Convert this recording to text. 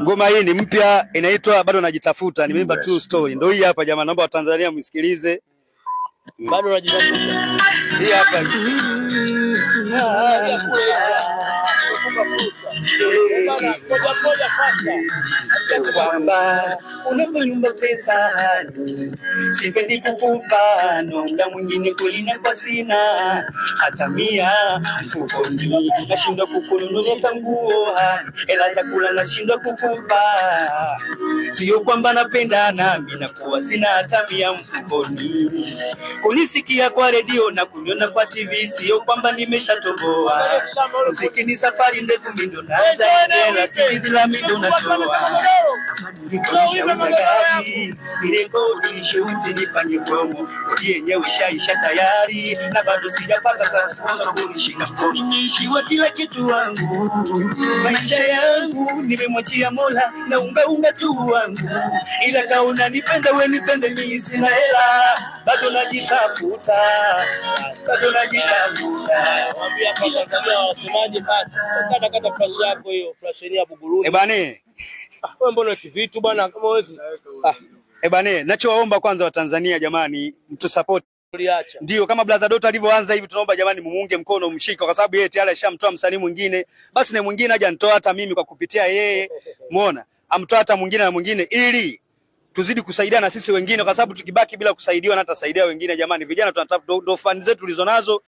Ngoma hii ni mpya, inaitwa bado najitafuta, nimeimba true story. Ndio hii hapa jamaa, naomba Watanzania msikilize. Bado najitafuta. Hii hapa kwamba unavyonyumba pesa sipendi kukupa, na mwingine kulina kwa sina hata mia mfukoni, nashindwa kukununulia tanguo, hela za nashindwa kukupa. Sio kwamba napenda nami nakuwa sina hata mia mfukoni, kunisikia kwa redio na kuniona kwa TV, sio kwamba nimeshatoboa. Muziki ni safari safari ndefu mindo naanza tena, nifanye promo kodi yenyewe ishaisha tayari, na bado sijapata kasponsa kunishika mkono. kila kitu wangu, maisha yangu nimemwachia Mola na ungaunga tu wangu, ila kaona nipenda we nipende, mimi sina hela bado najitafuta wasemaji eh, ah, ah. eh, nachowaomba kwanza Watanzania jamani mtusapoti ndio kama brother alivyoanza hivi, tunaomba jamani, mumunge mkono, mshike, kwa sababu yeye tayari ashamtoa msanii mwingine, basi na mwingine aje anitoa hata mimi kwa kupitia yeye, muona amtoa hata mwingine na mwingine, ili tuzidi kusaidiana sisi wengine, kwa sababu tukibaki bila kusaidiwa na hata saidia wengine. Jamani vijana, tunatafuta ndo fani zetu tulizonazo